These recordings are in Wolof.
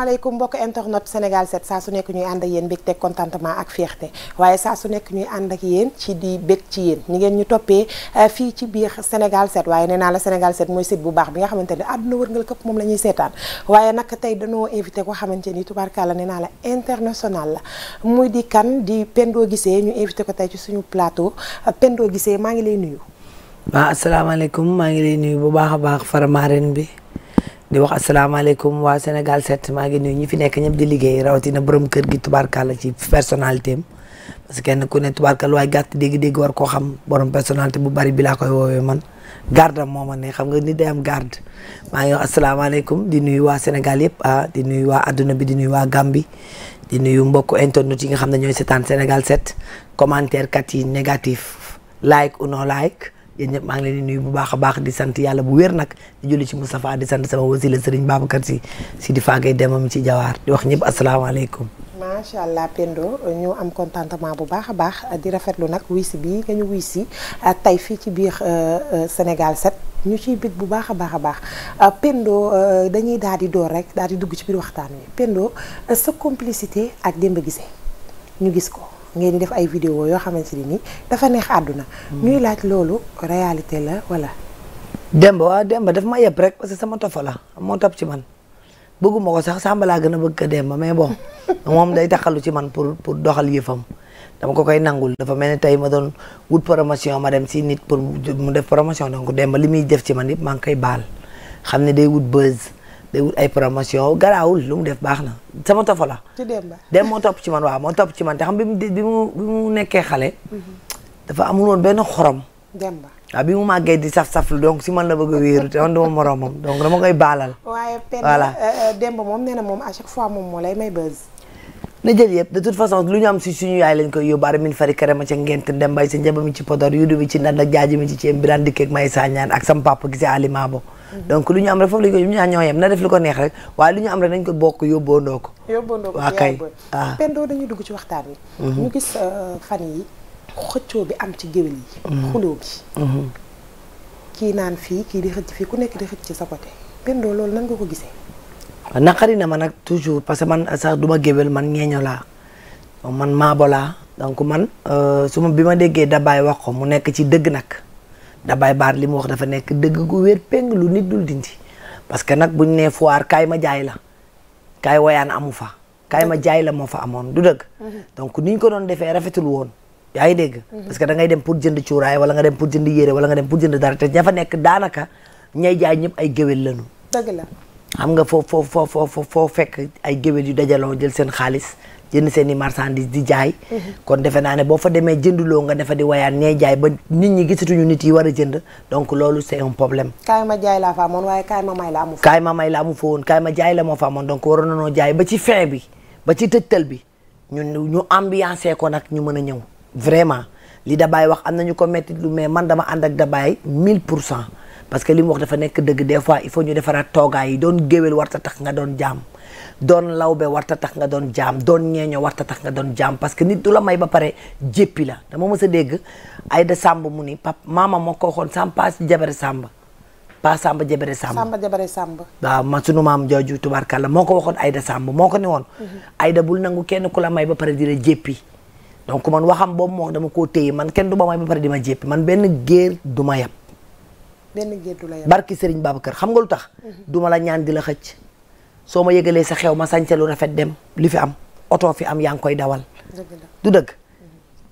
asalaamaaleykum mbokk internet Sénégal 7 saa su nekk ñuy ànd ak yéen teg contentement ak fierté waaye saa su nekk ñuy ànd ak yéen ci di bég ci yéen ngeen ñu toppee euh, fii ci biir Sénégal 7 waaye nee naa la Sénégal 7 mooy site bu baax bi nga xamante ne àdduna wërngal këpp moom la ñuy seetaan waaye nag tey dañoo invité ko xamante ni tubaarkàlla nee naa la international la muy di kan di pendoo gisee ñu invité ko tey ci suñu plateau euh, Pendo gisee maa ngi lay nuyu. waaw asalaamaaleykum maa ngi lay nuyu bu baax a baax faramaaren bi. di wax asalaamaaleykum waa senegal 7 maa ngi nuyu ñi fi nekk ñëpp di liggéey rawatina borom kër gi tubaarkàlla ci personnalité am parce que kenn ku ne tubaarkàlla waaye gàtt dégg-dégg war koo xam borom personnalité bu bari bi laa koy woowee man garde am moo ma ne xam nga ni day am garde maa ngi wax asalaamaaleykum di nuyu waa Sénégal yëpp ah di nuyu waa adduna bi di nuyu waa Gambie di nuyu mbokku internet yi nga xam ne ñooy seetaan senegal set commentaire kat yi négatif like ou non like. yéen ñëpp maa ngi leen di bu baax a baax di sant yàlla bu wér nag di julli ci Moustapha di sant sama wasila sëriñ Babacar si si di faagay demam ci jawaar di wax ñëpp asalaamaaleykum macha allah Pendo ñu am contentement bu baax a baax di rafetlu nag wisi bi nga ñu wisi ah, tey fii ci biir euh, euh, Sénégal set ñu ciy bég bu baax a baax a baax ah, Pendo euh, dañuy daal di door rek daal di dugg ci biir waxtaan wi Pendo sa complicité ak a Guissé ñu gis ko ngeen di def ay vidéo yoo xamante ne nii dafa neex àdduna. Hmm. ñuy laaj loolu réalité la wala. Demba waaw Demba daf ma yeb rek parce que sama tofa la moo topp ci man bëgguma ko sax Samba laa gën a bëgg ko Demba mais bon moom day taxalu ci man pour pour doxal yëfam dama ko koy nangul dafa mel ni tey ma doon wut promotion ma dem si nit pour mu def promotion donc Demba li muy def ci man yëpp maa ngi koy baal xam ne day wut buzz. day wut ay promotion garaawul lu mu def baax na sama tofa la. ci Demba dem moo topp ci man waaw moo topp ci man te xam bi mu bi mu bi mu nekkee xale. dafa amul woon benn xorom. Demba waaw bi mu màggee di saf saf lu donc si man la bëgg a wéeru te man duma moromam donc dama koy baalal. waaye voilà euh, euh, Demba moom nee na moom à chaque fois moom moo lay may buzz. na jël yëpp de toute façon lu ñu am si suñu yaay lañ koy yóbbaale min fari karama ca ngent dem bay sa njaba mi ci Podor yudu mi ci ndand ak jaaji mi ci ceeb bi daan dikkeeg may saa ñaan ak sam papa gisee aliment bo donc lu ñu am rek foofu la ñu ko ñaan ñoo yem na def lu ko neex rek waaye lu ñu am rek nañ ko bokk yóbboondoo ko yóbboondoo ko waa kay waaw ah. Pendo dañuy dugg ci waxtaan wi mhm. ñu gis euh, fan yi xëccoo bi am ci géwél yi mhm. xuloo bi mhm. kii naan fii kii di xëcc fii ku nekk di xëcc ci sa côté Pendo loolu nan nga ko gisee waaw ah, naqari na ma nag toujours parce que man euh, sax du ma géwél man ñeeño laa man maabo laa donc man euh, su ma bi ma déggee dabaay wax ko mu nekk ci dëgg nag da baay baar li mu wax dafa nekk dëgg gu wér péng lu nit dul dindi parce que nag buñ nee foire kaay ma jaay la kaay woyaan amu fa kaay ma jaay la moo fa amoon du dëgg mhm. donc niñ ko doon defee rafetul woon yaa ngi dégg mhm. parce que da ngay dem pour jënd cuuraay wala nga dem pour jënd yére wala nga dem pour jënd dara te fa nekk daanaka ñay jaay ñëpp ay géwél lañu dëgg la xam nga foo foo foo foo foo fekk ay géwél yu dajaloo jël seen xaalis jënd seen i marchandise di jaay kon defe naa ne boo fa demee jënduloo nga defa di wayaan ñay jaay ba nit ñi gisatuñu nit yi war a jënd donc loolu c'est un problème kaay ma jaay laa fa amoon waaye kaay ma may la amu kaay ma may la amu fa woon kaay ma jaay la moo fa amoon donc waroon nañoo jaay ba ci fin bi ba ci tëjtal bi ñun ñu ambiancé ko nag ñu mën a ñëw vraiment li Dabaye wax am nañu ko métti lu mais man dama ànd ak Dabaye 1000 pour cent parce que li mu wax dafa nekk dëgg des fois il ñu defaraat toogaay yi doon géwél warta tax nga doon jaam doon lawbe warta tax nga doon jaam doon ñeeño warta tax nga doon jaam parce que nit du la may ba pare jéppi la dama mës a dégg Aïda Samb mu ni maam maama moo ko waxoon sam pas jabare Samb pas Samba jabare Samb Samba jabare Samb waaw ma sunu maam jooju tubaarkàlla moo ko waxoon Aïda Samb moo ko ne woon mhm. Aïda bul nangu kenn ku la may ba pare di la jéppi donc man waxam boobu moo dama koo téye man kenn du ma may ba pare di ma jéppi man benn géer du ma yab benn géer du la yab barki Serigne Babacar xam nga lu tax mhm. duma la ñaan di la xëcc soo ma yëgalee sa xew ma sañse lu rafet dem lu fi am oto fi am yaa ngi koy dawal. du dëgg.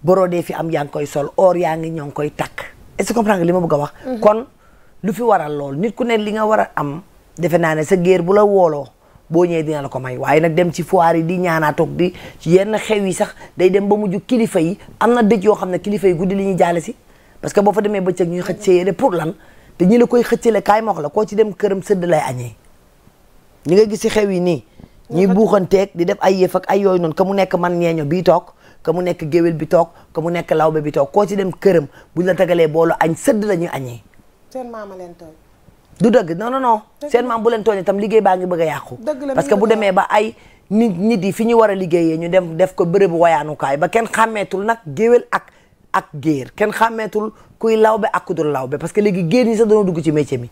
borodee fi am yaa ngi koy sol or yaa ngi ñoo ngi koy takk est-ce que li ma bëgg a wax. Mhm. kon lu fi waral lool nit ku ne li nga war a am. defe naa ne sa géer bu la wooloo boo ñëwee dina la ko may waaye nag dem ci foire yi di ñaanaatoog di ci yenn xew yi sax day dem ba mujj kilifa yi am na dëj yoo xam ne kilifa yi guddi li ñuy jaale si. parce que boo fa demee ba ñuy xëcc sa yére pour lan te la koy xëccale kaay la koo ci dem këram sëdd lay añee. ni nga gis si xew yi nii ñuy buuxanteeg di def ay yëf ak ay yooyu noonu ka mu nekk man ñeeño bii toog ka mu nekk géwél bi toog ka mu nekk lawbe bi toog koo ci dem këram buñ la tagalee boolu añ sëdd la ñuy añee seen maama leen tooñ du dëgg non non non seen maam bu leen tooñ itam liggéey baa ngi bëgg a yàqu parce que bu demee ba ay nit nit yi fi ñu war a liggéeyee ñu dem def ko bërëbu wayaanukaay ba kenn xàmmeetul nag géwél ak ak géer kenn xàmmeetul kuy lawbe ak ku dul lawbe parce que léegi géer ñi sax dañoo dugg ci métier mi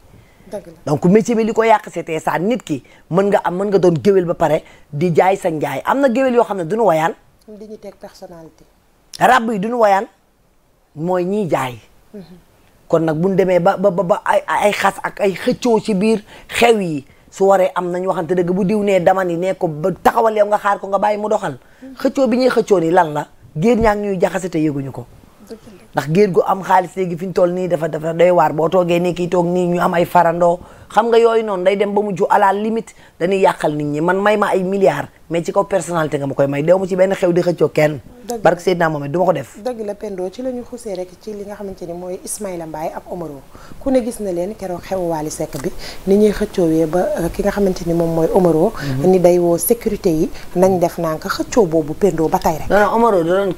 donc métier bi li ko yàq c'était ça nit ki mën nga am mën nga doon géwél ba pare di jaay sa njaay am na géwél yoo xam ne duñu wayaan dañuy teg personnalité rab yi duñu wayaan mooy ñiy jaay mhm. kon nag buñ demee ba ba ba ay ay xas ak ay xëccoo ci biir xew yi su waree am nañ waxante dëgg bu diw nee dama ni nee ko ba taxawal nga xaar ko nga bàyyi mu doxal mhm. xëccoo bi ñuy xëccoo ni lan la géer ñaa ngi ñuy jaxase te yëguñu ko ndax géer gu am xaalis léegi fi ñu toll nii dafa dafa doy waar boo toogee nii kii toog nii ñu am ay farandoo xam nga yooyu noonu day dem ba mujj à la limite dañuy yàqal nit ñi man may ma ay milliards mais ci kaw personnalité nga koy may dew ma ci benn xew di xëccoo kenn barke Seydina Mohamed ko def dëgg la Pendo ci la ñu xusee rek ci li nga xamante ni mooy Ismaïla Mbaye ak Omaro ku ne gis na leen keroog xew Wally Seck bi ni ñuy xëccoowee ba euh, ki nga xamante ni moom mooy Omaro mhm. ni day woo sécurité yi nañ def naa nga xëccoo boobu Pendo ba tey rek non non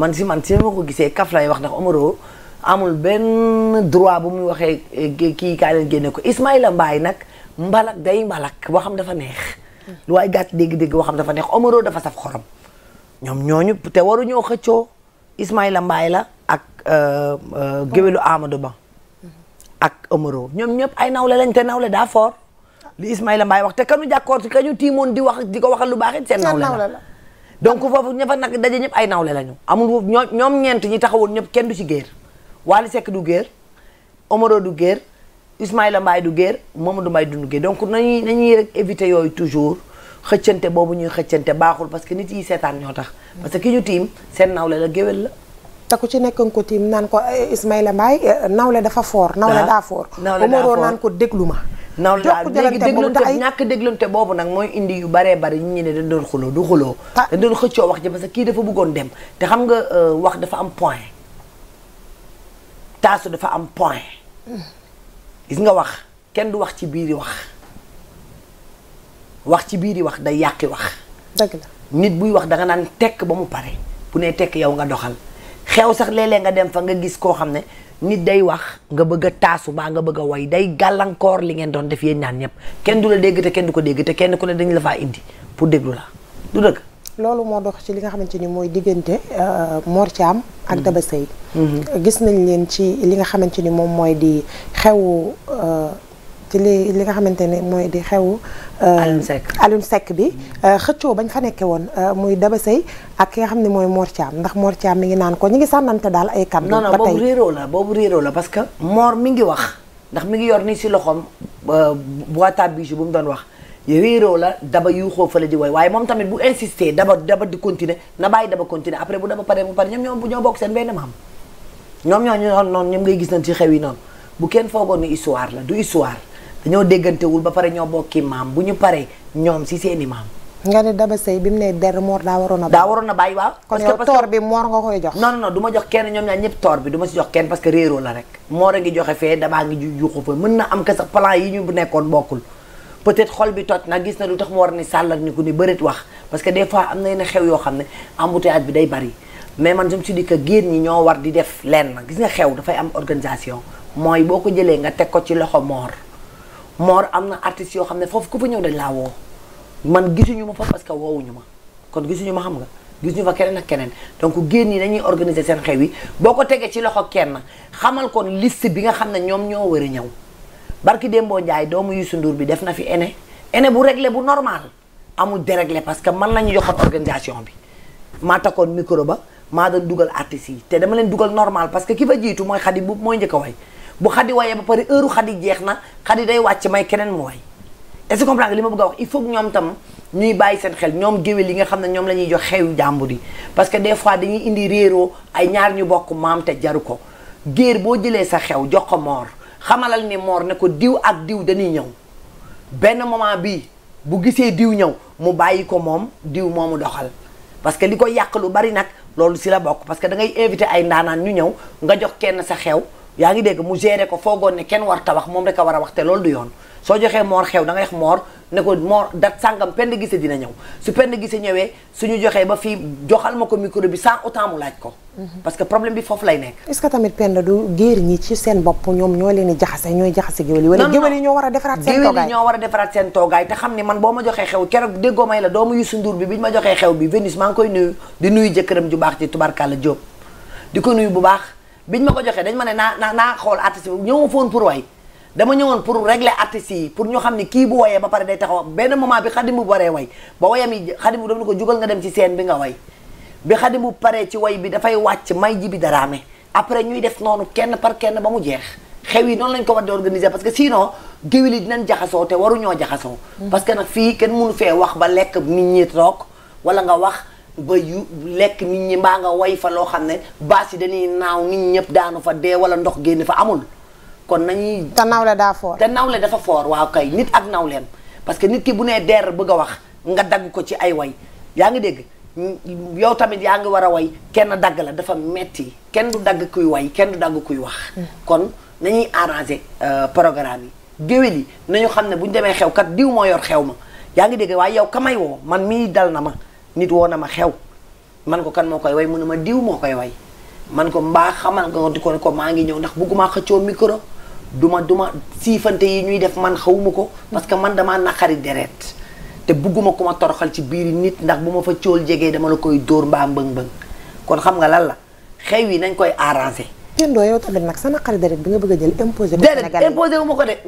man si man si ma ko gisee kaf lay wax ndax Omaro amul benn droit bu muy waxee eh, kii kaa leen génne ko Ismaïla mbaay nag mbalak day mbalak waxam dafa neex lu mm. waay gàtt dégg-dégg waxam dafa neex Omaro dafa saf xorom ñoom ñooñu te waruñoo xëccoo Ismaïla mbaay la ak euh, euh, géwélu Amadou Ba mm-hmm. ak Omaro ñoom ñëpp ay nawle lañ te nawle daa fort li Ismaïla Mbaye wax te kanu jàkkoor kañu tiimoon di wax di ko waxal lu baax it seen nawle la donc foofu ña nag daje ñëpp ay nawle lañu amul ñoom ñeent ñi taxawoon ñëpp kenn du ci géer Wally sekk du géer Omaro du géer Ismaïla mbaay du géer Mamadou Mbaye du géer donc nañuy nañuy rek éviter yooyu toujours xëccante boobu ñuy xëccante baaxul parce que nit yi seetaan ñoo tax parce que ki ñu tiim seen nawle la géwél la te ku ci nekkoon ko tiim naan ko eh, Ismaïla Mbaye eh, nawle dafa foor nawle ah, daa foor Omaro naan ko déglu ma naw daal léegi déglante ñàkk déglante boobu nag mooy indi yu baree bari ñu ne dañ doon xuloo du xuloo dañ doon xëccoo wax ji parce que kii dafa bëggoon dem te xam nga euh, wax dafa am point taasu dafa am point gis nga wax kenn du wax ci biir biiri wax wax ci biir biiri wax day yàqi wax dëgg nit buy wax danga naan tekk ba mu pare bu nee tekk yow nga doxal xew sax léeg nga dem fa nga gis koo xam ne nit day wax nga bëgg taasu baa nga bëgg a way day gàllankoor li ngeen doon def yéen ñaan ñëpp kenn du la dégg te kenn du ko dégg te kenn ku ne dañ la faa indi pour déglu la du dëgg. loolu moo dox ci li nga xamante ni mooy diggante ci euh, am ak Daba Seye mm-hmm. Mm-hmm. gis nañ leen ci li nga xamante ni moom mooy di xew euh, ci li li nga xamante ne mooy di xew euh, Alioune sekk Alioune Seck bi euh, xëccoo bañ fa nekkee woon euh, muy Daba Seye ak ki nga xam ni mooy Mor Thiam ndax moor Thiam mi ngi naan ko ñu ngi sànnante daal ay kàddu. ba tey la boobu réeroo la mi ngi wax ndax mi ngi yor nii si loxoom boîte à bijoux bu mu doon wax réeroo la Daba yuuxoo fële di waaye moom tamit bu insister Daba Daba di continuer na bàyyi Daba continuer après bu Daba paree mu pare ñoom ñoo ñoo bokk seen benn maam ñoom ñoo noonu ñoom ngay gis nañ ci xew yi noonu bu kenn foogoon ni histoire la du histoire dañoo déggantewul ba pare ñoo bokki maam bu ñu pare ñoom si seeni maam. nga ne Daba Seye bi mu ne der moor daa waroon na daa waroon a bàyyi waaw. parce que kon yow toor bi moor nga koy jox. non non du ma jox kenn ñoom ñaar ñëpp toor bi du ma si jox kenn parce que réeroo la rek. moor a ngi joxe fee dabaa ngi juuxu fa mën na am que sax plan yi ñu nekkoon bokkul peut-être xol bi toj nag gis na lu tax mu war ni sàll ak ni ku ni bëreet wax parce que des fois am na yenn xew yoo xam ne embouteillage bi day bari mais man je me suis dit que génn ñi ñoo war di def lenn gis nga xew dafay am organisation mooy boo ko jëlee nga teg ko ci loxo moor moo am na artistes yoo xam ne foofu ku fa ñëw dañ laa woo man gisuñu ma fa parce que woowuñu ma kon gisuñu ma xam nga gisuñu fa keneen ak keneen donc génn ñi dañuy organiser seen xew yi boo ko tegee ci loxo kenn xamal kon list bi nga xam ne ñoom ñoo war a ñëw barki Dembo Ndiaye doomu Youssou Ndour bi def na fi ene ene bu réglé bu normal amul déréglé parce que man la ñu joxoon organisation bi maa takkoon micro ba maa doon dugal artistes yi te dama leen dugal normal parce que ki fa jiitu mooy mooy njëkk a bu xadi wayee ba pare heure xadi jeex na xadi day wàcc may keneen mu way est-ce li ma bëgg il faut que tam ñuy bàyyi seen xel ñoom géwél yi nga xam ne ñoom la ñuy jox xew jàmbur yi parce que des fois dañuy indi réeroo ay ñaar ñu bokk maam te jaru ko géer boo jëlee sa xew jox ko moor xamalal ni moor ne ko diw ak diw dañuy ñëw benn moment bii bu gisee diw ñëw mu bàyyi ko moom diw moomu doxal parce que li ko yàq lu bari nag loolu si la bokk parce que da ngay invité ay ndaanaan ñu ñëw nga jox kenn sa xew yaa ngi dégg mu géré ko foogoon ne kenn war ta wax moom rek a war a wax te loolu du yoon soo joxee moor xew da ngay wax moor ne ko moor dat sàngam pend gise dina ñëw su pend gise ñëwee suñu joxee ba fii joxal ma ko micro bi sans autant mu laaj ko mhm. parce que problème bi foofu lay nekk est-ce que tamit pend du seen bopp ñoom ñoo leen di jaxase ñooy jaxase géwél yi wala war a defaraat seen toogaay géwél yi ñoo a defaraat seen toogaay te xam ni man boo ma joxee xew keroog déggoo may la doomu Youssou bi bi ma joxee xew bi Vénus maa ngi koy nuyu di nuyu jëkkëram ju baax ci tubarkàlla Diop di ko nuyu bu baax biñ ma ko joxee dañ ma ne naa naa naa xool artistes yi ñëwoon foon pour way dama ñëwoon pour régler artistes yi pour ñu xam ne kii bu wayee ba pare day taxaw benn moment bi xadim bu baree way ba wayam yi xadim bu dama ko jugal nga dem ci scène bi nga way bi xadim bu paree ci way bi dafay wàcc may ji bi daraame après ñuy def noonu kenn par kenn ba mu jeex xew yi noonu lañ ko war di organiser parce que sinon géwél yi dinañ jaxasoo te waruñoo jaxasoo mm. parce que nag fii kenn mënu fee wax ba lekk nit ñi toog wala nga wax ba yu lekk nit ñi mbaa nga way fa loo xam ne baas yi dañuy naaw nit ñëpp daanu fa dee wala ndox génn fa amul kon nañuy. te nawle daa foor te nawle dafa foor waaw kay nit ak nawleem parce que nit ki bu nee der bëgg a wax nga dagg ko ci ay woy yaa ngi dégg yow tamit yaa ngi war a woy kenn dagg la dafa metti kenn du dagg kuy woy kenn du dagg kuy wax. Mm. kon nañuy arranger euh, programme yi. géwél yi nañu xam ne bu ñu demee xew kat diw moo yor xew ma yaa ngi dégg yow kamay woo man mii dal na ma. nit woo na ma xew man ko kan moo koy way mu ne ma diw moo koy way man ko mbaa xamal nga di ko ko maa ngi ñëw ndax bëgguma xëccoo micro duma duma siifante yi ñuy def man xawuma ko parce que man damaa naqari deret te bëgguma ku ma toroxal ci biir nit ndax bu ma fa cool jegee dama la koy dóor mbaa mbëng-mbëng kon xam nga lan la xew yi nañ koy arrangé kenn doo yow tamit nag sa naqari deret bi nga bëgg a jël imposé déedéet ko de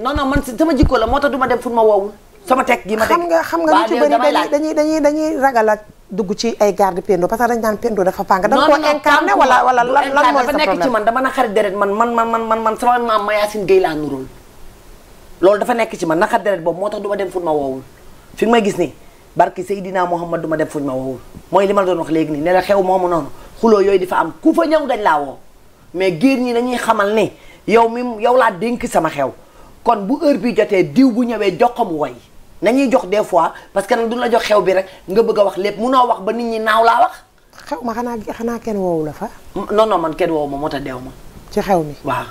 non non man sama la moo tax ma dem fu ma woowul sama teg nga xam nga ñu ci bëri dañuy dañuy dañuy ragal dugg ci ay garde pendo parce que dañ naan pendo dafa pàng da nga koo incarné wala wala lan lan mooy sa dafa nekk ci man dama na xarit deret man man man man man sama maam Mayacine Gueye laa nurul loolu dafa nekk ci man naqar deret boobu moo tax du ma dem fu ma woowul fi may gis nii barki Seydina Muhammad du ma dem fu ma woowul mooy li ma doon wax léegi nii ne la xew moomu noonu xuloo yooyu di am ku fa ñëw dañ laa woo mais géer ñi dañuy xamal ne yow mi yow laa dénk sama xew kon bu heure bi jotee diw bu ñëwee jox ko mu way nañuy jox des fois parce que nag du la jox xew bi rek nga bëgg a wax lépp munoo wax ba nit ñi naaw laa wax. xew ma xanaa xanaa kenn woowu la fa. non non man kenn woowu ma moo deew ma. ci xew mi waaw.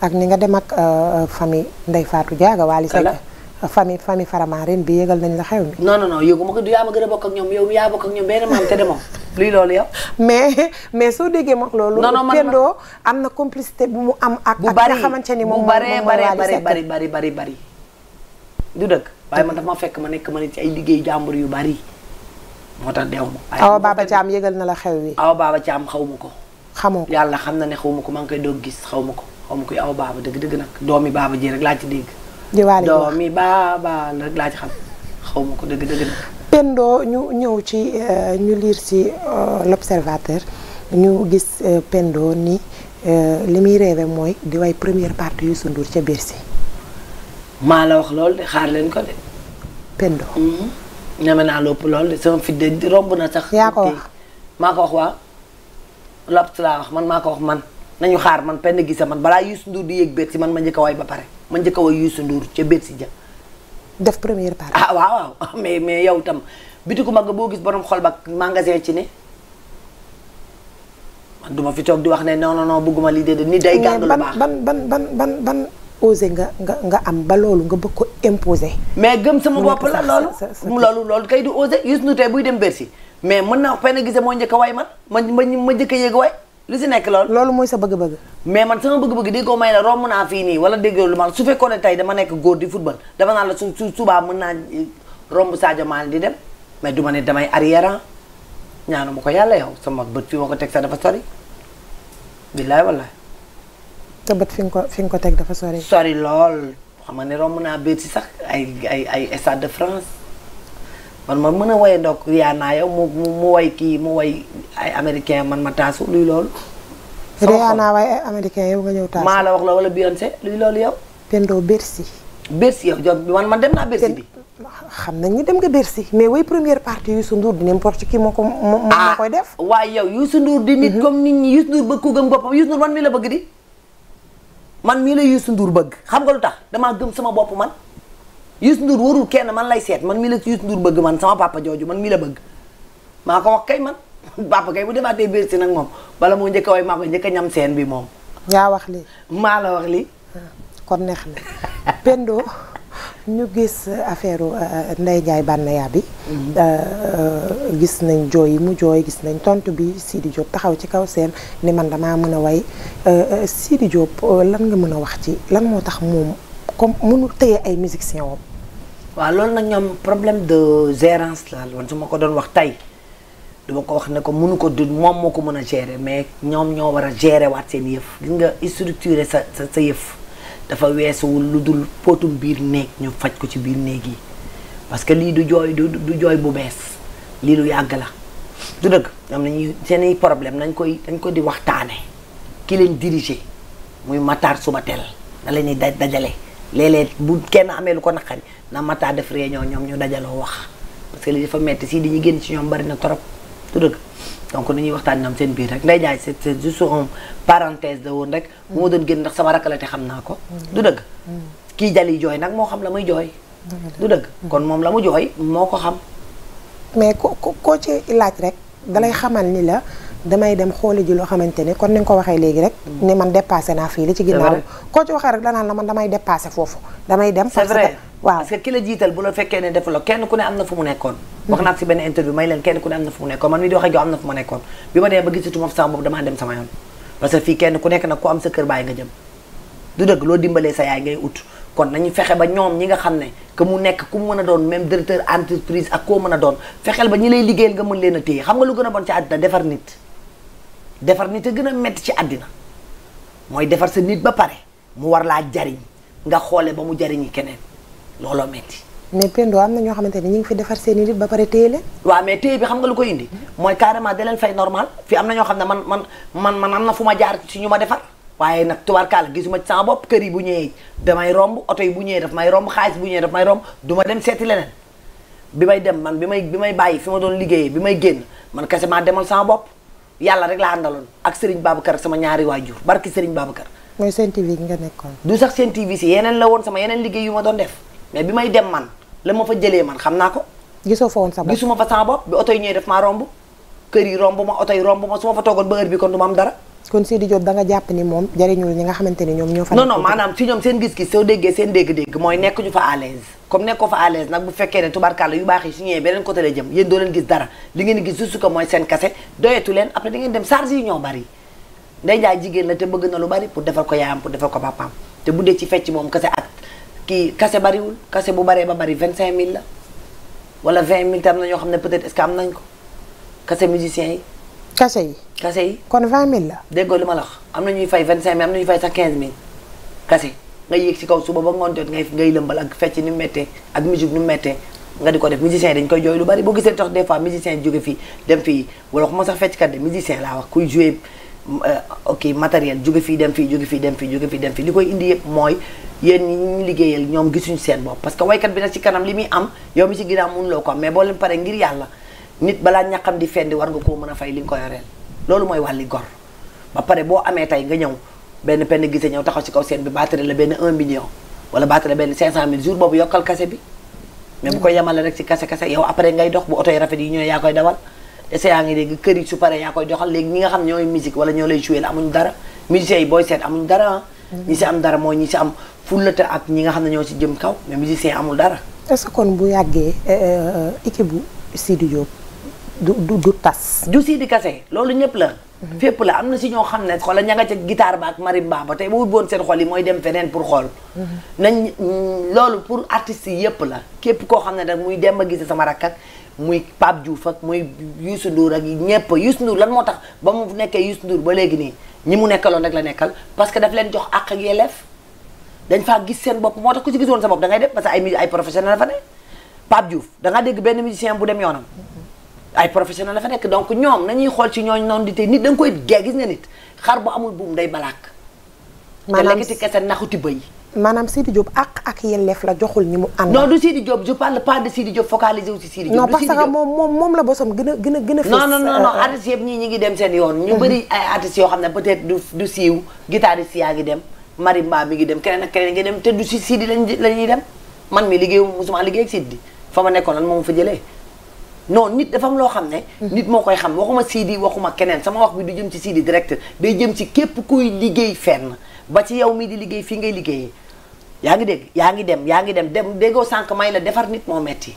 ak ni nga dem ak euh, euh, famille Ndeye Fatou Diaga Wally Seck euh, famille famille Faramaren bi yëgal nañ la xew mi. non non non ma ko du yaa ma gën a bokk ak ñoom yow yaa bokk ak ñoom benn maam te demoo luy loolu yow. mais mais soo déggee moom loolu. non non man Pendo am na complicité bu mu am. ak ak nga xamante ni moom moom bu bari bari bari bari bari bari du dëgg. waaye man dafa ma fekk ma nekk ma ne ci ay liggéey jàmbur yu bari moo tax deew ma. awa ca am yëgal na la xew aw awa Baba am xaw ma ko. xamoo ko yàlla xam na ne xaw ma ko maa ngi koy doog gis xaw ma ko xaw ma ko awa Baba dëgg dëgg nag doomi Baba ji rek laa ci dégg. diwaale doomi Baba rek laa ci xam xaw ma ko dëgg dëgg nag. ñu ñëw ci euh, ñu liir si euh, l'observateur ñu gis euh, Pendo ni li muy rêvé mooy di way première partie yu Ndour ca si maa la wax loolu de xaar leen ko de. Pendo. Mm-hmm. ñeme naa lépp lool sama fit de romb na sax. yaa ko wax maa ko wax waa Lopes laa wax man maa ko wax man nañu xaar man Penda Guissé man balaa Youssou Ndour di yëg Bercy man ma njëkk a ba pare ma njëkk a way Youssou Ndour ca Bercy ja def première partie. ah waaw waaw mais mais yow tam bitiku mag boo gis borom xol ba magasin ci ne man duma fi toog di wax ne non non non bëgguma lii de ni day. gàddu lu baax ban ban ban. osé nga nga nga am ba loolu nga bëgg ko imposer. mais gëm sama bopp la loolu loolu loolu kay du osé Youssou Ndour tey buy dem Bercy mais mën naa fenn gisee moo njëkk a waay man ma ma njëkk a yéeg waay lu si nekk loolu loolu mooy sa bëgg-bëgg mais man sama bëgg-bëgg di ko may la romb naa fii nii wala déggoo lu ma su fekkoon ne tey dama nekk góor di football dama naa la su su subaa mën naa eh, romb Sadio Mané di dem mais du ma ne damay arrière ah. ñaanu ma ko yàlla yow sama bët fii ma ko teg sax dafa sori billaay te bët fi ko fi nga ko teg dafa sori. sori lool xam nga ne romb naa béy si sax ay ay ay Stade de France man ma mën a woy ndokk Rihanna yow mu mu woy kii mu woy ay américain man ma taasu luy loolu. Rihanna waay ay américain yow nga ñëw taasu. maa la wax la wala Beyoncé luy loolu yow. Pendo Bercy. Bercy yow jom man man dem naa Bercy bi. xam nañ ni dem nga Bercy mais way première partie Youssou Ndour di n'importe qui moo ah, def. waaye yow Youssou Ndour di nit mhm. comme nit ñi Youssou Ndour bëgg ku boppam Youssou Ndour man mi la bëgg di. man mii la Youssou Ndour bëgg xam nga lu tax damaa gëm sama bopp man Youssou Ndour warul kenn man lay seet man mii la Youssou Ndour bëgg man sama papa jooju man mii la bëgg maa ko wax kay man papa kay bu demaatee biir si nag moom bala moo njëkk a way maa ko njëkk ñam seen bi moom. ñaa wax lii. maa la wax lii. kon neex na Pendo. ñu gis affaire euh, Ndeye Ndiaye Banaya bi. Mm-hmm. Euh, euh, gis nañ jooy yi mu jooy gis nañ tontu bi Sidi Diop taxaw ci kaw seen ni man damaa mën a way Sidi Diop lan nga mën a wax ci lan moo tax moom comme mënul téye ay musiciens woom. waaw loolu nag ñoom problème de gérance la woon su ma ko doon wax tey duma ko wax ne ko mënu ko du moom moo ko mën a gérer mais ñoom ñoo war a gérer waat seen yëf gis nga structurer sa sa sa yëf. dafa weesuwul lu dul potum biir néeg ñu faj ko ci biir néeg yi parce que lii du jooy du du jooy bu bees lii lu yàgg la du dëgg ñoom am nañuy seeni problème nañ koy dañ ko di waxtaane ki leen diriger muy Matar Subatel da leen di dajale léeg bu kenn amee lu ko naqari na Matar def réunion ñoom ñu dajaloo wax parce que li dafa metti si di génn ci ñoom bari na trop du dëgg donc ni ñuy waxtaanee am seen biir rek nday jaay c'est c'est juste un parenthèse da woon rek. Mm. moo doon génn ndax sama rakk la te xam naa ko. Mm. du dëgg. Mm. kii jali jooy nag moo xam la muy jooy. du dëgg kon moom la mu jooy moo ko xam. mais ko ko koo ci laaj rek dalay xamal ni la. damay dem xooli ji loo xamante ne kon ni nga ko waxee léegi rek ne man dépassé naa fii li ci ginnaaw koo ci waxee rek danaan la man damay dépassé foofu damay dem bu la fekkee ne defaloo kenn ku ne am na fu mu nekkoon wax naa si benn interview may leen kenn ku ne am na fu mu nekkoon man mii di wax ak yow am na fu ma nekkoon bi ma demee ba gisatu ma sama bopp damaa dem sama yoon parce que fii kenn ku nekk nag ku am sa kër bàyyi nga jëm du dëgg loo dimbalee sa yaay ngay ut kon nañu fexe ba ñoom ñi nga xam ne que mu nekk ku mu mën a doon même directeur entreprise koo mën a doon ba ñi lay nga mën leen a xam nga lu gën a bon ci àddina defar defar nit a gën a métti ci àddina mooy defar sa nit ba pare mu war laa jariñ nga xoole ba mu jariñ jariñi keneen looloo metti mais Pendo am na ñoo xamante ne ñu ngi fi defar seen i nit ba pare téye leen. waaw mais téye bi xam nga lu ko indi. mooy carrément da leen fay normal fi am na ñoo xam ne man man man man am na fu ma jaar ci ñu ma defar. waaye nag tubaarkaal gisuma ci sama bopp kër yi bu ñëwee damay romb oto yi bu ñëwee daf may romb xaalis bu ñëwee daf may romb du ma dem seeti leneen bi may dem man bi may bi may bàyyi fi doon liggéeyee bi may génn man kese maa demal sama bopp. yàlla rek la àndaloon ak Serigne Babacar sama ñaari waajur barki Serigne Babacar. mooy seen TV nga nekkoon. du sax seen TV yeneen la woon sama yeneen liggéey yu ma doon def mais bi may dem man la ma fa jëlee man xam naa ko. gisoo fa woon sa gisuma fa sama bopp bi oto yi ñooy def maa romb kër yi romb ma oto yi romb ma su ma fa toogoon ba heure bi kon du ma am dara. kon Sidi Diop da nga jàpp ni moom jariñul ñi nga xamante ni ñoom ñoo fa non non maanaam ci ñoom seen gis-gis soo déggee seen dégg-dégg mooy nekk ñu fa à l'aise comme nekk ko fa à l'aise nag bu fekkee ne tubarkàlla yu baax yi su ñëwee beneen côté la jëm mooy seen kase doyetu leen après da ngeen dem charge yi ñoo bari nday jaay jigéen la te bëgg na lu bari pour defal ko yaayam pour defal ko papaam te bu dee ci fecc moom kase ak kii kase bariwul kase bu baree ba bari vingt cinq mille la wala vingt mille te am xam ne peut-être est nañ ko kase musiciens yi kase yi kase yi kon vingt mille la. déggoo li ma la am na ñuy fay vingt cinq mille am na ñuy fay sax quinze mille kase nga yéeg ci kaw suba ba ngoon jot ngay ngay lëmbal ak fecc ni mu méttee ak musique ni mu nga di ko def musicien dañ koy jooy lu bari boo gisee tax des fois musicien jóge fii dem fii wala xuma sax fecckat de musicien laa wax kuy jouer euh, ok matériel jóge fii dem fii fii dem jóge fii dem fii li koy indi yëpp mooy yéen ñi ñu liggéeyal ñoom gisuñu seen bopp parce que waykat bi nag ci kanam li muy am yow mi ci ginnaaw mënuloo ko am mais boo leen paree ngir yàlla nit balaa ñaqam di fendi war nga koo mën a fay li nga ko yoreel loolu mooy wàlli gor ba pare boo amee tey nga ñëw benn penn gisee ñëw taxaw si kaw seen bi baatare la benn 1 million baatare benn 500000 jours boobu yokkal kase bi mais bu ko mm. rek ci kase kase yow après ngay dox bu oto rafet yi ñëwee yaa koy dawal ese yaa kër yi su paree yaa koy doxal léegi ñi nga xam ñooy musique wala ñoo lay joué la amuñ dara musiciens yi booy seet amuñ dara ah. mm. ñi si am dara mooy ñi si am fullata ak ñi nga xam ne ñoo si jëm kaw mais musiciens amul dara est-ce que kon bu yàggee euh, euh, équipe bu Sidy Diop du du du tas. du sii di kase loolu ñëpp la. Mhm. fépp la am na si ñoo xam ne xoolal ña nga ca guitare ba ak marimba ba tey bu woon seen xol yi mooy dem feneen pour xool. Mhm. nañ loolu pour artist yi yëpp la képp koo xam ne nag muy dem ba gis sama rakk ak muy Pape Diouf ak muy Youssou Ndour ak ñëpp Youssou Ndour lan moo tax ba mu nekkee Youssou ba léegi nii ñi mu nekkaloon rek la nekkal parce que daf leen jox àq ak yelleef dañ faa gis seen bopp moo tax ku ci gisoon sa bopp da ngay def parce que ay ay professionnel la fa ne Pape Diouf da dégg benn musicien bu dem yoonam. ay professionnel dafa nekk donc ñoom nañuy xool ci ñooñ noonu di tey nit da nga koy gee gis nga nit xar bu amul buum day balaak maanaam te ak ak yelleef la joxul ñi mu ànd non du Sidi Diop je parle pas de Sidi Diop focalisé wu si la bosam gën a a gën a ngi dem seen yoon ñu mhm. bëri ay ne peut-être du du siiw guitariste yaa mi ngi dem keneen ak keneen dem te du si Sidi ñuy dem man mi liggéeyu musuma liggéey ak Sidi fa ma nekkoon moom fa jëlee non nit defam loo xam ne. Mm. nit moo koy xam waxuma Sidi waxuma keneen sama wax bi du jëm ci Sidi direct day jëm ci képp kuy liggéey fenn ba ci yow mii di liggéey fii ngay liggéeyee. yaa ngi dégg yaa ngi dem yaa ngi dem dem déggoo sànq may la defar nit moo metti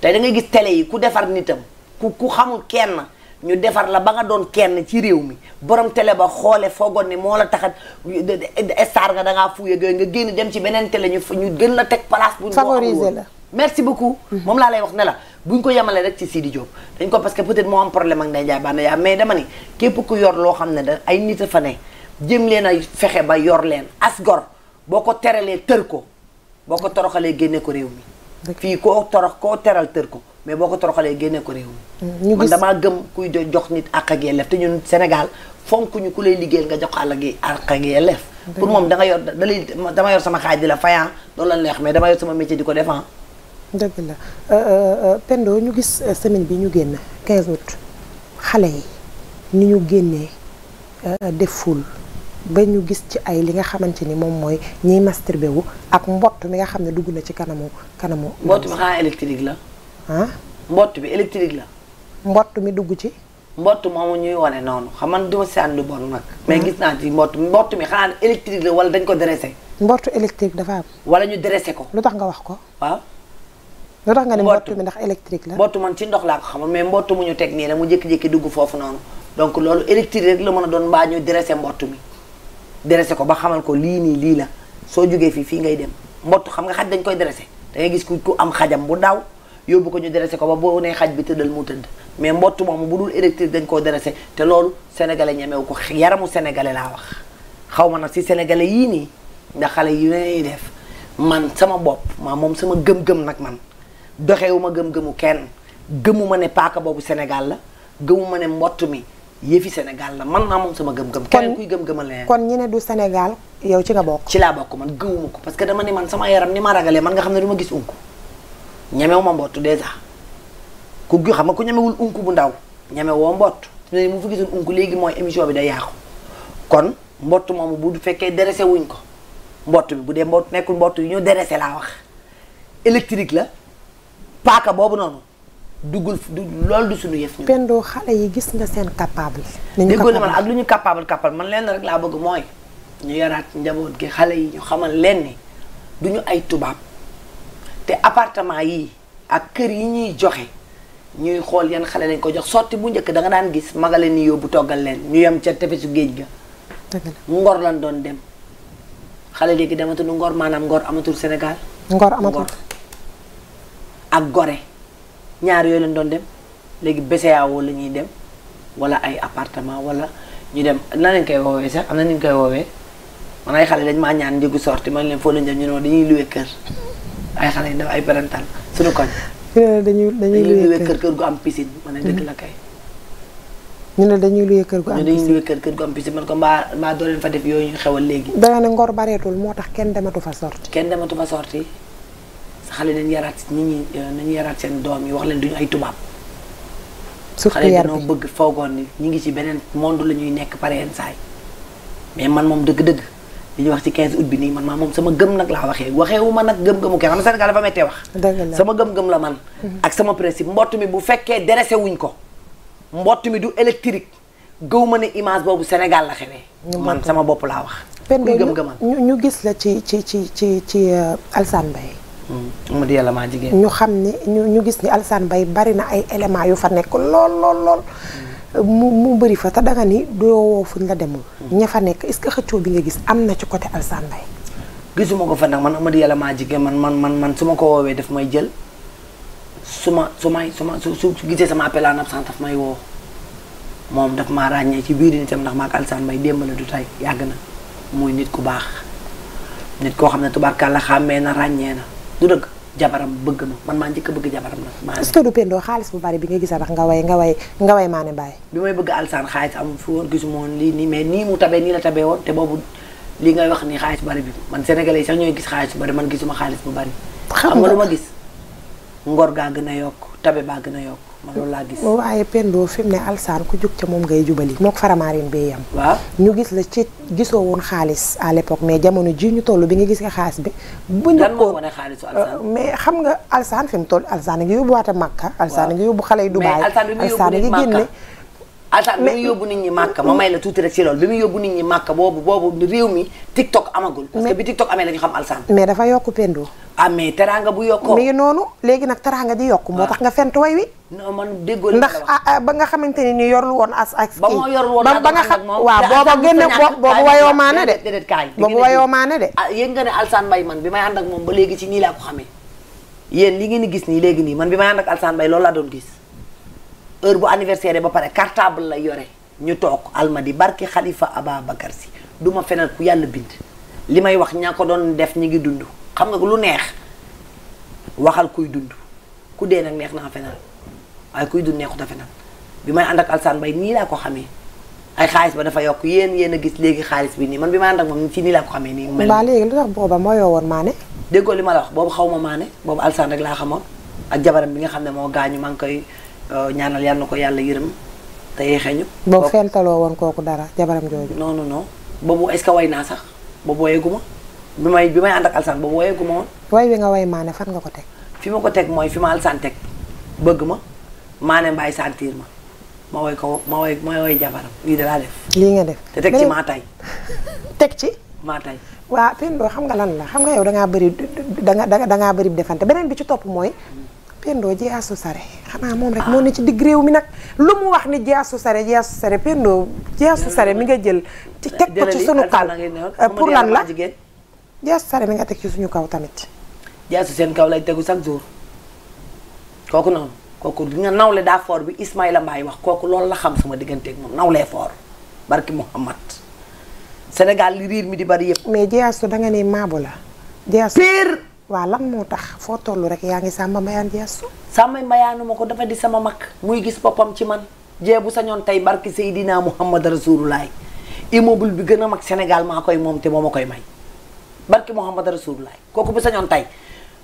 tey da ngay gis télé yi ku defar nitam ku ku xamul kenn ñu defar la ba nga doon kenn ci réew mi borom tele ba xoole foogoon ni moo la taxat star nga da ngaa fuuy nga génn dem ci beneen télé ñu ñu gën la teg place. bu favoriser la merci beaucoup. Mm-hmm. moom laa lay wax ne la. bu buñ ko yemale rek ci di Diop dañ ko parce que peut-être moo am problème ak Ndeye Ndiaye Banda yaa mais dama ne képp ku yor loo xam ne da ay nit a fa ne jëm leen ay fexe ba yor leen as gor boo ko teralee tër ko boo ko toroxalee génne ko réew mi. fii koo torox koo teral tër ko mais boo ko toroxalee génne ko réew mi. Mm, man damaa gëm kuy jox nit ak ak yelleef te ñun Sénégal fonk ñu ku lay liggéeyal nga jox àll gi àq ak yelleef pour moom da nga yor da lay dama yor sama xaaj di la fayaan loolu lañ lay wax mais dama yor sama métier di ko defan dëgg la euh, euh, euh, Pendo ñu gis semaine bi ñu génn 15 août xale yi ni ñu génnee def ful ba ñu gis ci ay li nga xamante ni moom mooy ñiy masturbé wu ak mbott mi nga xam ne dugg na ci kanamu kanamu. mbott bi xanaa électrique la. ah mbott bi électrique la. mbott mi dugg ci. mbott moomu ñuy wane noonu xam man duma si ànd bon nag. mais gis naa ci mbott mbott mi xanaa électrique la wala dañ ko dressé. mbottu électrique dafa am. wala ñu dressé ko. lu tax nga wax ko lu tax nga ne mbottu mi ndax électrique la mbottu man ci ndox laa ko xamal mais mbottu mu ñu teg nii la mu jékki-jékki dugg foofu noonu donc loolu électrique rek la mën a doon mbaa ñu dressé mbottu mi dressé ko ba xamal ko lii nii lii la soo jógee fii fii ngay dem mbott xam nga xaj dañ koy dressé da gis ku ku am xajam bu daw yóbbu ko ñu dressé ko ba boo nee xaj bi tëddal mu tëdd mais mbottu moomu bu dul électrique dañ koo dressé te loolu sénégalais ñemewu ko yaramu sénégalais laa wax xaw ma nag si sénégalais yii nii ndax xale yi def man sama bopp maa moom sama gëm-gëm nag man doxewuma gëm-gëmu kenn gëmuma ne paaka boobu Sénégal la gëmuma ne mbott mi yëfi Sénégal la man maa moom sama gëm-gëm. kenn kuy gëm-gëmal leneen. kon ñi ne du Sénégal yow ci nga bokk. ci laa bokk man gëwuma ko parce que dama ne man sama yaram ni ma ragalee man nga xam ne du ma gis unku ñemewuma mbott dèjà ku xam nga ku ñemewul unku bu ndaw ñemewoo mbott mu fi gisoon léegi mooy émission bi day yàqu kon mbott moomu bu fekkee déressé wuñ ko mbott bi bu dee mbott nekkul mbott yi ñu déressé laa wax électrique la paaka boobu noonu duggul du loolu du suñu yëf ñu pendoo xale yi gis nga seen capable déggoo li man ak lu ñu capable capable man leen rek laa bëgg mooy ñu yaraat njaboot gi xale yi ñu xamal leen ni du ñu ay tubaab te appartement yi ak kër yi ñuy joxe ñuy xool yan xale lañ ko jox sotti bu njëkk danga nga daan gis magale ni yóbbu toggal leen ñu yem ca tefesu géej ga ngor lan doon dem xale léegi dematu ngor maanaam ngor amatul Sénégal ngor amatul ak Gorée ñaar yooyu lañ doon dem léegi BCEAO la ñuy dem wala ay appartement wala ñu dem na lañ koy woowee sax am na ñu koy woowee man ay xale dañ maa ñaan njëgu sorti man leen foo leen jëm ñu ne dañuy luwe kër ay xale dafa ay parental suñu koñ. dañuy dañuy kër kër gu am piscine man ne dëkk la kay. ñu ne dañuy luwe kër gu am piscine dañuy luwe kër kër gu am piscine man ko mbaa mbaa doo leen fa def yooyu ñu xewal léegi. da nga ne ngor bareetul moo tax kenn dematu fa sorti. kenn dematu fa sorti. xale nañu yaraat nit euh, nañu yaraat seen doom yi wax leen duñu ay tubaab. su yar bi xale dañoo bëgg foogoon ni ñu ngi ci beneen monde la ñuy nekk pare yenn saay mais man moom dëgg-dëgg li ñu wax ci quinze août bi nii man maa moom sama gëm nag laa waxee waxewu ma nag gëm-gëmu kenn xam nga Sénégal dafa méttee wax. sama gëm-gëm la man. Mhm. ak sama principe mbott mi bu fekkee dressé wuñ ko. mbott mi du électrique gëwuma ma ne image boobu Sénégal la xewee. man sama bopp laa wax. gëm-gëman ñu gis la ci ci ci ci ci euh, Alassane Mbaye mu di yàlla maa jigéen. ñu xam ne ñu ñu gis ni alsaan Mbaye bari na ay éléments yu fa nekk lool lool lool. mu mu bëri fa te danga ni doo woo fuñ la demul. ña fa nekk est-ce que xëccoo bi nga gis am na ci côté Alassane Mbaye. gisuma ko fa nag man Amady yàlla maa jigéen man man man man su ma ko woowee daf may jël su ma su may su su gisee sama appel en sant daf may woo moom daf maa ràññee ci biir nitam ndax maag Alassane Mbaye démb la du tey yàgg na muy nit ku baax nit koo xam ne tubaarkàlla xàmmee na ràññee na. du dëgg jabaram bëgg ma man maa njëkk bëgg jabaram nag maa est-ce que pendoo xaalis bu bari bi nga gisa tax nga way nga way nga way maane bàyyi bi may bëgg alsaan xaalis amul fi woon gisu moon lii nii mais nii mu tabee nii la tabee woon te boobu li ngay wax nii xaalis bu bari bi man sénégalais sax ñooy gis xaalis bu bari man gisuma xaalis bu bari xam nga lu ma gis ngor gaa gën a yokk tabe baa gën a yokk man loolu laa gis. waaye Pendo fi mu ne alsaan ku jóg ca moom ngay jubal yi moog faramaareen bee yam. waaw ñu gis la ci gisoo woon xaalis à l'époque mais jamono ji ñu toll bi nga gis nga xaalis bi. bu ñu ko euh, mais xam nga alsaan fi mu toll alsaan a a Makka. alsaan yóbbu xale yu a ngi génne alsaan bi muy nit ñi màkk ma may la tuuti rek ci lool bi mu yóbbu nit ñi màkk boobu boobu réew mi TikTok amagul. parce que bi amee la ñu xam alsaan. mais dafa yokk Pendo ah mais bu yokkoo. mu ngi noonu léegi nag teraanga di yokk moo ah. tax nga fent way wi. non man déggoo ndax ba nga xamante ni ñu woon as ak. ba moo woon ba nga xam waaw booba génne boobu wayoo maane de. déedéet kaay boobu wayoo maane de. ah yéen nga ne Alsaan may ànd ak moom ba léegi ci nii laa ko xamee yéen li ngeen di gis nii léegi nii man bi may ànd ak Alsaan Mbaye loolu laa doon gis heure bu anniversaire ba pare cartable la yore ñu toog almadi barki xalifa Ababacar si du ma fenal ku yàlla bind li may wax ñaa ko doon def ñi ngi dund xam nga lu neex waxal kuy dund ku dee nag neex naa fenal waaye kuy dund neexut a fenal bi may ànd ak Alsaan Mbay nii laa ko xamee ay xaalis ba dafa yokk yéen yéen a gis léegi xaalis bi nii man bi may ànd ak moom ci nii laa ko xamee nii. mel mbaa léegi lu tax booba moo yoo woon maane. déggoo li ma la wax boobu xaw ma maane boobu Alsaan rek laa xamoon ak jabaram bi nga xam ne moo gaañu maa ngi koy euh, ñaanal yàlla na ko yàlla yërëm te yeexeñu. boobu fentaloo woon kooku dara jabaram jooju. non non non boobu est naa sax boobu woyeguma bi may bi may ànd ak alsaan boobu woyee gu woy wi nga woy maane fan nga ko teg. fi ma ko teg mooy fi ma alsaan teg bëgg ma maane mbaay sentir ma ma woy ko ma woy ma woy lii da laa def. lii nga def te teg ci maa teg ci. maa tay. waa xam nga lan la xam nga yow dangaa bëri danga dangaa bëri defante beneen bi ci topp mooy. Pendo Diassou Sare xanaa moom rek moo ne ci digg réew mi nag lu mu wax ni Diassou Sare Diassou Sare Pendo Diassou Sare mi nga jël. ci teg ko ci sunu kal euh, pour lan la jaas sare mi nga teg ci suñu kaw tamit. jaasu seen kaw lay tegu chaque jour kooku noonu kooku li nga nawle daa foor bi Ismaïla Mbaye wax kooku loolu la xam sama digganteeg moom nawlee foor barki Muhammad Sénégal li riir mi di bari yëpp. mais jaasu danga ne maabo la. jaasu pire. waa lan moo tax foo toll rek yaa ngi sàmba mbayaan jaasu. sàmba mbayaanu ma ko dafa di sama mag muy gis boppam ci man jee bu sañoon tey barki Seydina Muhammad Rasulullah immeuble bi gën a mag Sénégal maa moom te moo ma koy may. barki Muhammad Rasulullah kooku bu sañoon tey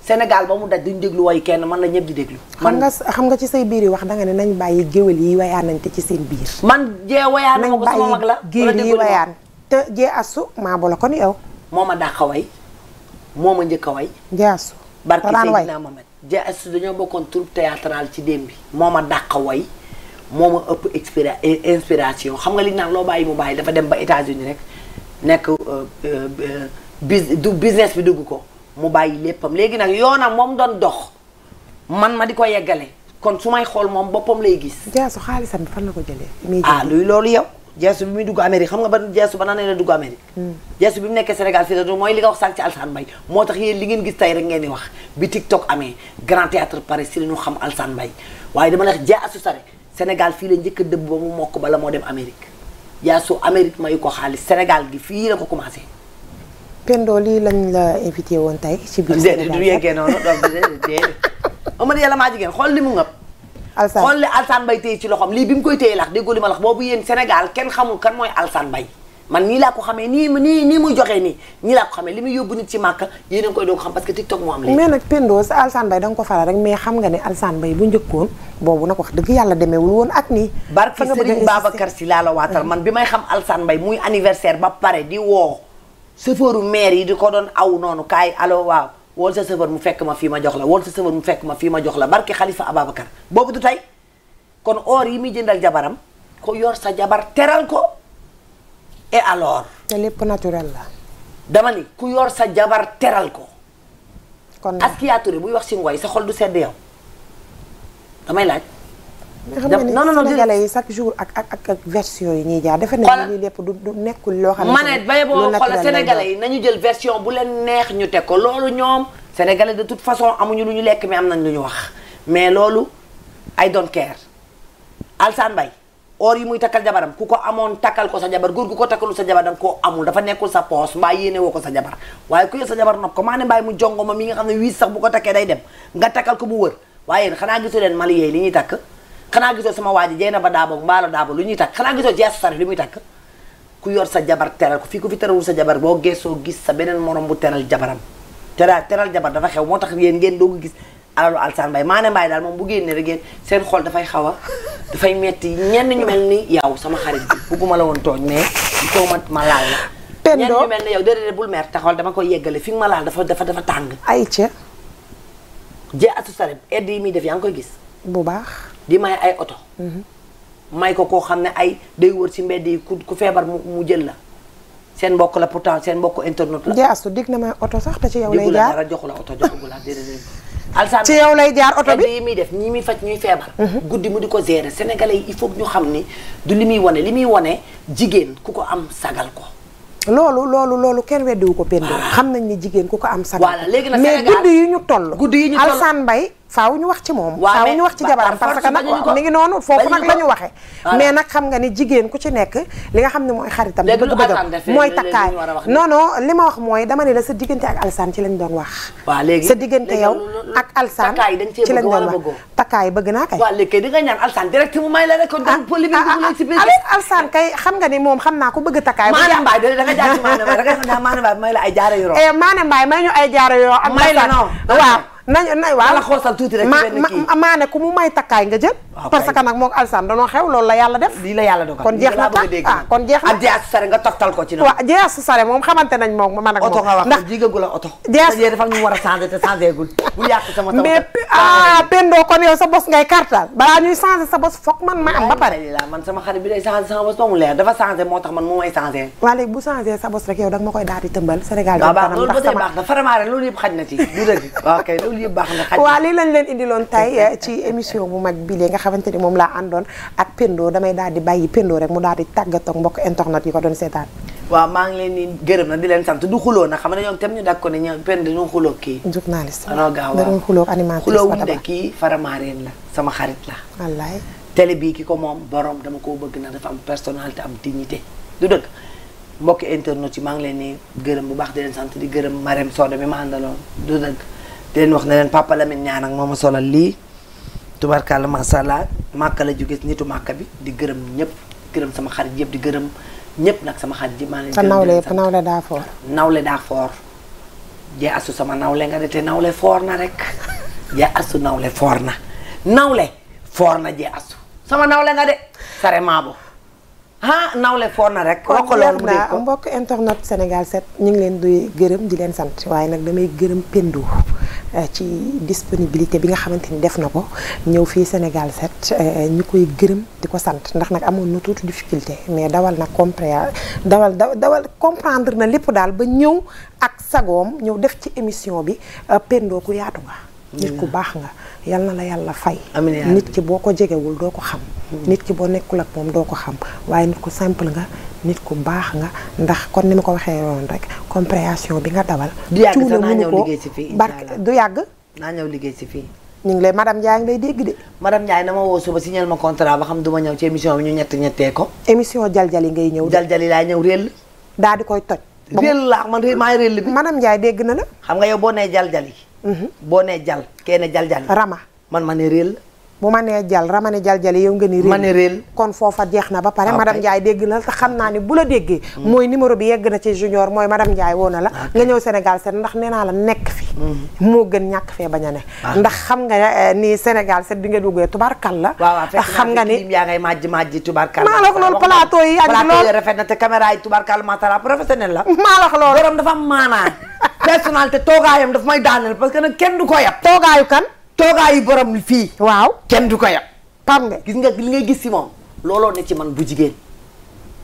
Sénégal ba mu daj duñ déglu woy kenn man la ñëpp di déglu. man xam nga xam nga ci say biir yi wax danga ne nañ bàyyi géwél yi wayaanante ci seen biir. man jee wayaan ma ko sama mag la nañ bàyyi géwél yi wayaan te jee asu maa bu kon yow. moo ma dàqa way moo ma a way. jee ci bi. moo ma dàqa way moo ma ëpp expira inspiration xam nga li naan loo bàyyi mu bàyyi dafa dem ba États-Unis rek nekk. Euh, euh, euh, du business bi dugg ko mu bàyyi léppam léegi nag yoona moom doon dox man ma di ko yeggale kon su may xool moom boppam lay gis. jeesu xaalisam fan la ko jëlee. ah luy loolu yow. jeesu bi muy dugg Amérique xam nga ba jeesu ba naan la dugg Amérique. Hmm. jeesu bi mu nekkee Sénégal fii la mooy li nga wax sànq ci Alsaan Mbaye moo tax yéen li ngeen gis tey rek ngeen di wax bi TikTok amee Grand Théâtre Paris si la ñu xam Alsaan Mbaye waaye dama la wax jeesu sare Sénégal fii la njëkk a dëbb ba mu mokk bala moo dem Amérique jeesu Amérique mayu ko xaalis Sénégal gi fii la ko commencé. Pendo lii lañ la invité woon tey ci biir déedéet du yeggee noonu déedéet Omar yàlla maa jigéen xool li mu ngëp Alsaan xool li Alsaan Bay téye ci loxoom lii bi mu koy téye lax déggoo li ma lax boobu yéen Sénégal kenn xamul kan mooy Alsaan Bay man nii laa ko xamee nii nii nii muy joxee muy yóbbu nit ci xam parce que TikTok moo am léegi mais nag Pendo sa Alsaan Bay da nga ko faral rek mais xam nga ne Alsaan Bay bu njëkkoon boobu nag wax dëgg yàlla demeewul woon ak nii barke Sëriñ Babacar Si laa la may xam Alsaan Bay muy anniversaire ba pare di woo chauffeuru maire yi di ko doon aw noonu kaay allo waaw wol sa chauffeur mu fekk ma fii ma jox la wol sa chauffeur mu fekk ma fii ma jox la barke Khalifa Ababacar boobu du tey kon or yi muy jëndal jabaram ko yor sa jabar teral ko et alors. te lépp naturel la. dama ni ku yor sa jabar teral ko. kon Askia Touré buy wax si ngooy sa xol du sedd yow damay laaj. non non non sénégalais yi chaque jour ak ak ak version yi ñuy jaar defe nañu lii lépp du du nekkul loo xam ne ma ne bay boo xoolal nañu jël version bu leen neex ñu teg ko loolu ñoom sénégalais de toute façon amuñu lu ñu lekk mais am nañ lu ñu wax mais loolu I don't care Alsaan Mbaye or yi muy takkal jabaram ku ko amoon takkal ko sa jabar góor gu ko takkalu sa jabar danga koo amul dafa nekkul sa poos mbaa yéene woo ko sa jabar waaye ku yor sa jabar nopp ko maa ne mbaay mu jongo ma mi nga xam ne wii bu ko takkee day dem nga takkal ko mu wër waaye yéen leen mali yeey li ñuy takk xanaa gisoo sama waa ji jey na ba daabo mbaalo daabo lu ñuy takk xanaa gisoo jeex sar lu muy takk ku yor sa jabar teral ko fii ku fi teralul sa jabar boo geesoo gis sa beneen moroom bu teral jabaram teral teral jabar dafa xew moo tax yéen ngeen doogu gis alalu alsaan mbay maane mbaay bu génne rek yéen seen xol dafay xaw a dafay metti ñenn ñu mel ni yow sama xarit bi bugguma la woon tooñ mais il ma ma laal la mel ni yow déedéet bul mer taxawal dama koy yeggale fi nga ma dafa dafa dafa tàng ay ca jee asu yaa ngi koy gis bu baax di may ay oto. Mhm. may ko koo xam ne ay day wër ci mbedd yi ku feebar mu jël la. seen mbokk la pourtant seen mbokk internet la. jaasu dig na ma oto sax te ci yow lay jaar dara joxu la oto joxu la yow lay jaar oto bi yi muy def ñi muy faj ñuy feebar. Mhm. guddi mu di ko gérer sénégalais yi il faut ñu xam ni du li muy wone li muy wane jigéen ku ko am sagal ko. loolu loolu loolu kenn weddiwu ko. waaw ah. xam nañ ni jigéen ku ko am. sagal ko léegi nag Sénégal mais guddi yu ñu toll. guddi yu ñu toll alsaan mbay. faaw ñu wax ci moom faaw ñu wax ci jabaram parce que nag mi ngi noonu foofu nag la waxe mais nag xam nga ni jigéen ku ci nekk li xam ne mooy xaritam di bëgg-bëggam mooy takkaay non non li ma wax mooy dama ne la sa diggante ak alsaan ci lañ doon wax sa diggante yow ak alsaan ci lañ doon wax takkaay bëgg naa kay alsaan ah, ah, ah, kay xam nga ni moom xam naa ko bëgg takkaay maana mbaay da nga jaar maana mbaay may ay jaara yu roo eh, maana mbaay ñu ay jaara yu ak may la waaw nañ nañ ku mu may takkaay nga jël. Ah, parce que nag moom Alsaan danoo xew loolu la yàlla def. Ah, kon jeex na ah kon jeex na ak Dias Sare nga toftal ko ci. waaw Dias la oto. Dias a changé te changé gul bu yàq sama sama mais ah kon yow sa bos ngay kartal balaa ñuy changé sa bos foog man ma am ba pare. moo tax man moo may changé. waa léegi bu loolu na yëpp xaj na ci du dëgg waaw loolu yëpp baax na. waaw lii lañ leen indiloon tey eh, ci émission bu mag bii nga xamante ni moom laa àndoon ak pendoo damay daal di bàyyi Pendo rek mu daal di tàggatoo mbokk internet yi ko doon seetaan. waaw maa ngi leen di gërëm na di leen sant du xuloo nag xam ne ñoom tam ñu dàkk ko ne ñoom Pendo dañoo xuloo kii. journaliste waaw gaaw waaw xuloo animatrice wuñu kii Faramareen la sama xarit la. wallaay bii ki ko moom borom dama koo bëgg na dafa am personnalité am dignité du dëgg mbokki internet yi maa ngi leen di gërëm bu baax di leen sant di gërëm Marème Soda bi ma àndaloon du dëgg leen wax ne leen papa Lamine ñaan ak moo ma solal lii tubarkalla macha allah màkka la jóge nitu màkka bi di gërëm ñëpp gërëm sama xarit yëpp di gërëm ñëpp nag sama xarit yi maa leen. sa nawle yëpp nawle daa foor. daa foor sama nawle nga de te nawle foor na rek jee asu nawle foor na nawle foor na jee asu sama nawle nga de sare maabo ah nawle foor na rek. wax loolu mu dégg ko mbokk internet Sénégal set ñu ngi leen di gërëm di leen sant waaye nag damay gërëm Pendo. Euh, ci disponibilité bi nga xamante ni def na ko ñëw fii Sénégal 7 euh, ñu koy gërëm di ko sant ndax nag amoon na tuuti difficulté mais dawal na comprendre dawal dawal comprendre na lépp daal ba ñëw ak sagoom ñëw def ci émission bi euh, pendoo ku yaatu nga nit ku mm. baax nga yal na la yàlla fay nit ki boo ko jegewul doo ko xam nit ki boo nekkul ak moom doo ko xam waaye nit ku simple nga nit ku baax nga ndax kon ni ma ko waxee woon rek compréhension bi nga dawal. du yàgg sax naa ñëw liggéey si fii barke du yàgg. naa ñëw liggéey si fii. ñu ngi lay madame Ndiaye ngi lay dégg de. madame Ndiaye na ma woo suba signal ma contrat ba xam du ma ñëw ci émission bi ñu ñett ñettee ko. émission jaljali ngay ñëw. jaljali laay ñëw réel. daal di koy toj. réel la man maa ngi réel bi. madame Ndiaye dégg na la. xam nga yow boo ne jaljali. Mhm. boo nee jal kee ne jaljali. rama bu ma nee jal ramane jal jale yow nga ni réel kon foofa jeex na ba pare ah, madame Ndiaye na te xam naa ne bu la déggee mm. mooy numéro bi yegg na ci junior mooy madame Ndiaye woo na la ah, nga ñëw Sénégal set ndax nee naa la nekk fi mm. moo gën ñàkk fee bañ a ne ah. ndax xam nga eh, ni Sénégal set bi nga duggee tubarkal la ndax xam nga ni yaa ngay majj majj tubarkal maa la wax loolu plateau yi ak loolu plateau yi rafet na te caméra la maa la wax loolu borom dafa am maanaa personnalité toogaayam daf may daaneel parce que nag kenn du ko yab toogaayu kan toogaayu borom fii. waaw kenn du ko yab. pam nga gis nga li ngay gis si moom. looloo ne ci man bu jigéen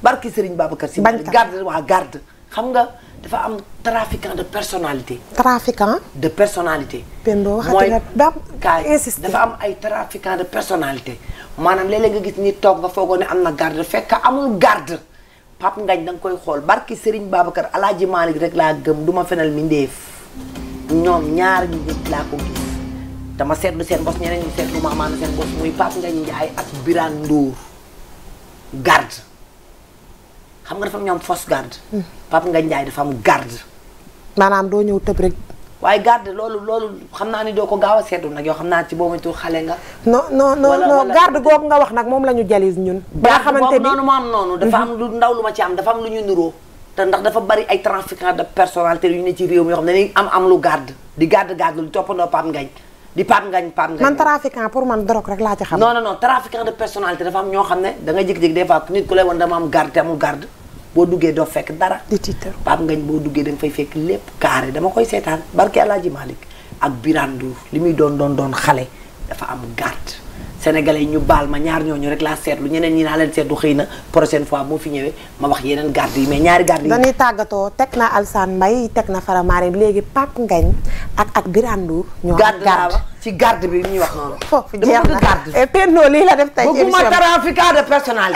barki Serigne Babacar si. ban garde waa garde xam nga dafa am trafiquant de personnalité. trafiquant. de personalité Pendo waxati nga dafa am ay trafiquant de personalité maanaam léeg nga gis ni toog nga foogoo ne am na garde fekk amul garde Pap Ngañ da koy xool barki Serigne Babacar Alaaji Malick rek laa gëm duma ma fenal mi ndéef ñoom ñaar laa ko gis. dama seetlu seen bos ñeneen ñu seetlu ma amaana seen bos muy Pape Ngagne Ndiaye ak Birane Ndour garde xam nga dafa am ñoom fausse garde. Hmm. Pape Ngagne Ndiaye dafa am garde. maanaam doo ñëw tëb rek. waaye garde loolu loolu xam naa ni doo ko gaaw a seetlu nag yoo xam naa ci boobu ñu xale nga. non non nga wax nag moom la ñu jalis ñun. ba nga xamante ni noonu ma am noonu. dafa am mhm. lu ndaw lu ma ci am dafa am lu ñu niroo. te ndax dafa bari ay trafiquants de personnalité yu ne ci réew mi yoo xam ne dañuy am am lu garde di garde garde lu toppandoo Pape di Pape Ngagne Pape Ngagne. man trafiquant pour man drogue rek laa ci xam. non non non trafiquant de personnalité dafa am ñoo xam ne da nga jékki-jékki des fois nit ku lay woon dama am garde te amul garde boo duggee doo fekk dara. di tiitar Pape Ngagne boo duggee da fay fekk lépp carré dama koy seetaan barke El Hadj Malick ak Birane Ndour li muy doon doon doon xale dafa am garde. yi ñu baal ma ñaar ñooñu rek laa seetlu ñeneen ñi naa leen seetlu xëy na prochaine fois moo fi ñëwee ma wax yeneen garde yi mais ñaari garde yi. dañuy tàggatoo teg na Alsaan Mbay teg na Faramaare léegi Pape Ngagne ak ak Birane Ndour. ñoo garde ci garde bi ñuy wax noonu. foofu jeex na garde eh, Pendo lii la def tey bi bëgguma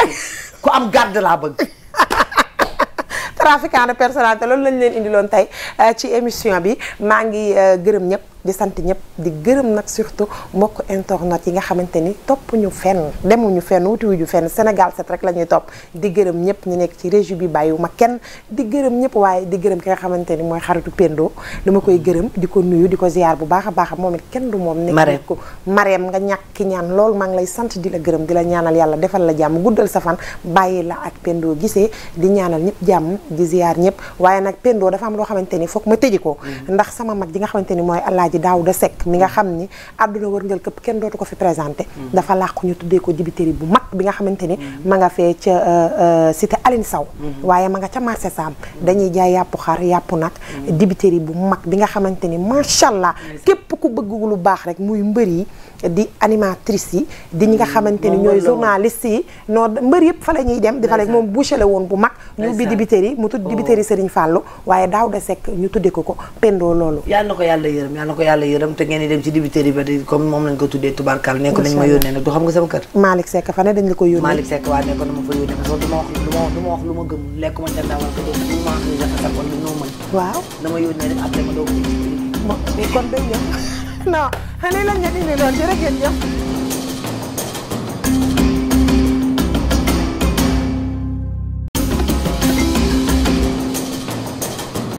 ku am garde laa bëgg. trafiquant de personnalité loolu lañ leen indiloon tey eh, ci émission bi maa ngi eh, gërëm ñëpp. di sant ñëpp di gërëm nag surtout mbokk internet yi nga xamante ni topp ñu fenn demuñu fenn wutiwuñu fenn Sénégal set rek la ñuy topp di gërëm ñëpp ñu nekk ci région bi bàyyiwuma kenn di gërëm ñëpp waaye di gërëm ki nga xamante ni mooy xaritu Pendo dama koy gërëm di ko nuyu di ko ziar bu baax a baax moom it kenn du moom nekk ko mareem nga ñàkk ñaan loolu maa ngi lay sant di la gërëm di la ñaanal yàlla defal la jàmm guddal sa fan bàyyi la ak Pendo gisee di ñaanal ñëpp jàmm di ziar ñëpp waaye nag Pendo dafa am loo xamante ni foog ma tëji ko mm-hmm. ndax sama mag ji nga xamante ni mooy alaaji daaw Daawda Seck mi nga xam ni àdduna wërngal këpp kenn dootu ko fi présenté mm. dafa làqu ñu tuddee ko dibiteri bu mag bi nga xamante ni mm. ma nga fee ca euh, euh, cité alin Saw mm-hmm. waaye ma nga ca marché Sam mm-hmm. dañuy jaay yàppu xar yàppu nag mm-hmm. dibiteri bu mag bi nga xamante ni macha allah képp ku bëgg lu baax rek muy mbër yi di animatrice yi di ñi nga xamante ni ñooy journaliste yi non mbër yëpp fa la ñuy dem di fa la moom boucher la woon bu mag ñu ubbi dibiteri yi mu tudd dibiteri Serigne Fallou waaye daaw de sekk ñu tuddee ko ko pendoo loolu yàlla na ko yàlla yërëm yàlla na ko yàlla yërëm te ngeen di dem ci dibiteri ba di comme moom lañ ko tuddee tubarkal nekk nañ ma yónnee nag du xam nga sama kër Malick Seck fa ne dañ la ko yónnee nekk du ma wax lu ma gëm lekk ma jëndal wala du ma du ma non lii lañ leen indiloon jërëjëf